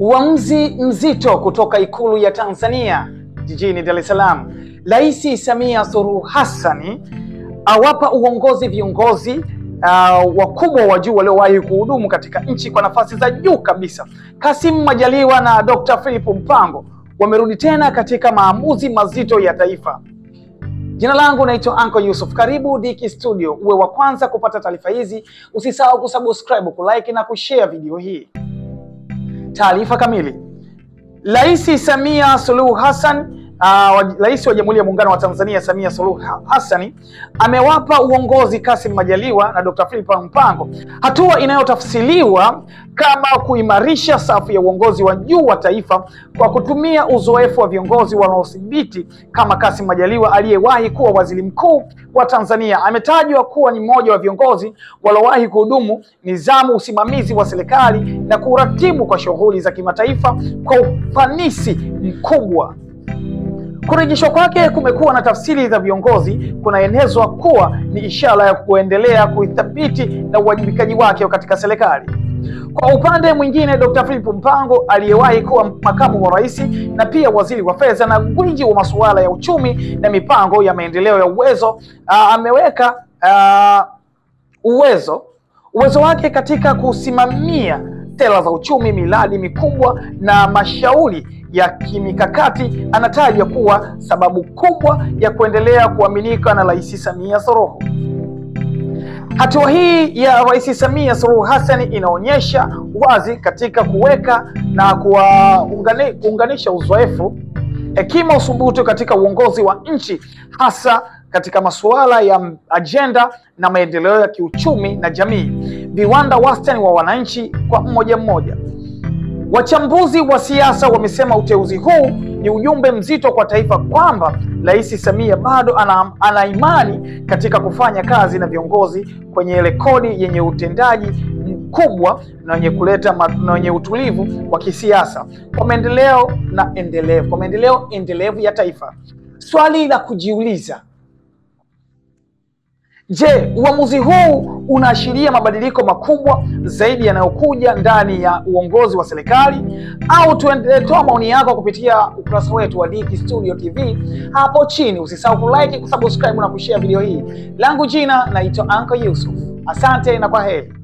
Uamuzi mzito kutoka Ikulu ya Tanzania jijini Dar es Salaam. Rais Samia Suluhu Hassan awapa uongozi viongozi uh, wakubwa wa juu waliowahi kuhudumu katika nchi kwa nafasi za juu kabisa. Kassim Majaliwa na Dr. Philip Mpango wamerudi tena katika maamuzi mazito ya taifa. Jina langu naitwa Anko Yusuf. Karibu Diki Studio. Uwe wa kwanza kupata taarifa hizi, usisahau kusubscribe, kulike na kushare video hii. Taarifa kamili. Rais Samia Suluhu Hassan Uh, Rais wa Jamhuri ya Muungano wa Tanzania Samia Suluhu Hassan amewapa uongozi Kassim Majaliwa na Dr. Philip Mpango, hatua inayotafsiriwa kama kuimarisha safu ya uongozi wa juu wa taifa kwa kutumia uzoefu wa viongozi wanaothibiti kama Kassim Majaliwa aliyewahi kuwa waziri mkuu wa Tanzania. Ametajwa kuwa ni mmoja wa viongozi waliowahi kuhudumu nizamu, usimamizi wa serikali na kuratibu kwa shughuli za kimataifa kwa ufanisi mkubwa. Kurejeshwa kwake kumekuwa na tafsiri za viongozi, kunaenezwa kuwa ni ishara ya kuendelea kuithabiti na uwajibikaji wake katika serikali. Kwa upande mwingine, d Philip Mpango aliyewahi kuwa makamu wa rais na pia waziri wa fedha na gwiji wa masuala ya uchumi na mipango ya maendeleo ya uwezo ameweka uwezo uwezo wake katika kusimamia tela za uchumi, miradi mikubwa na mashauri ya kimikakati anataja kuwa sababu kubwa ya kuendelea kuaminika na Rais Samia Suluhu. Hatua hii ya Rais Samia Suluhu Hassan inaonyesha wazi katika kuweka na kuunganisha uzoefu, hekima, uthubutu katika uongozi wa nchi, hasa katika masuala ya ajenda na maendeleo ya kiuchumi na jamii, viwanda, wastani wa wananchi kwa mmoja mmoja Wachambuzi wa siasa wamesema uteuzi huu ni ujumbe mzito kwa taifa kwamba Rais Samia bado ana, ana imani katika kufanya kazi na viongozi kwenye rekodi yenye utendaji mkubwa na wenye kuleta na wenye utulivu wa kisiasa kwa maendeleo na endelevu, kwa maendeleo endelevu ya taifa. Swali la kujiuliza Je, uamuzi huu unaashiria mabadiliko makubwa zaidi yanayokuja ndani ya uongozi wa serikali au? Tuendelee, toa maoni yako kupitia ukurasa wetu wa Dicky Studio TV hapo chini. Usisahau kulike, kusubscribe na kushare video hii. Langu jina naitwa Anko Yusuf, asante na kwa heri.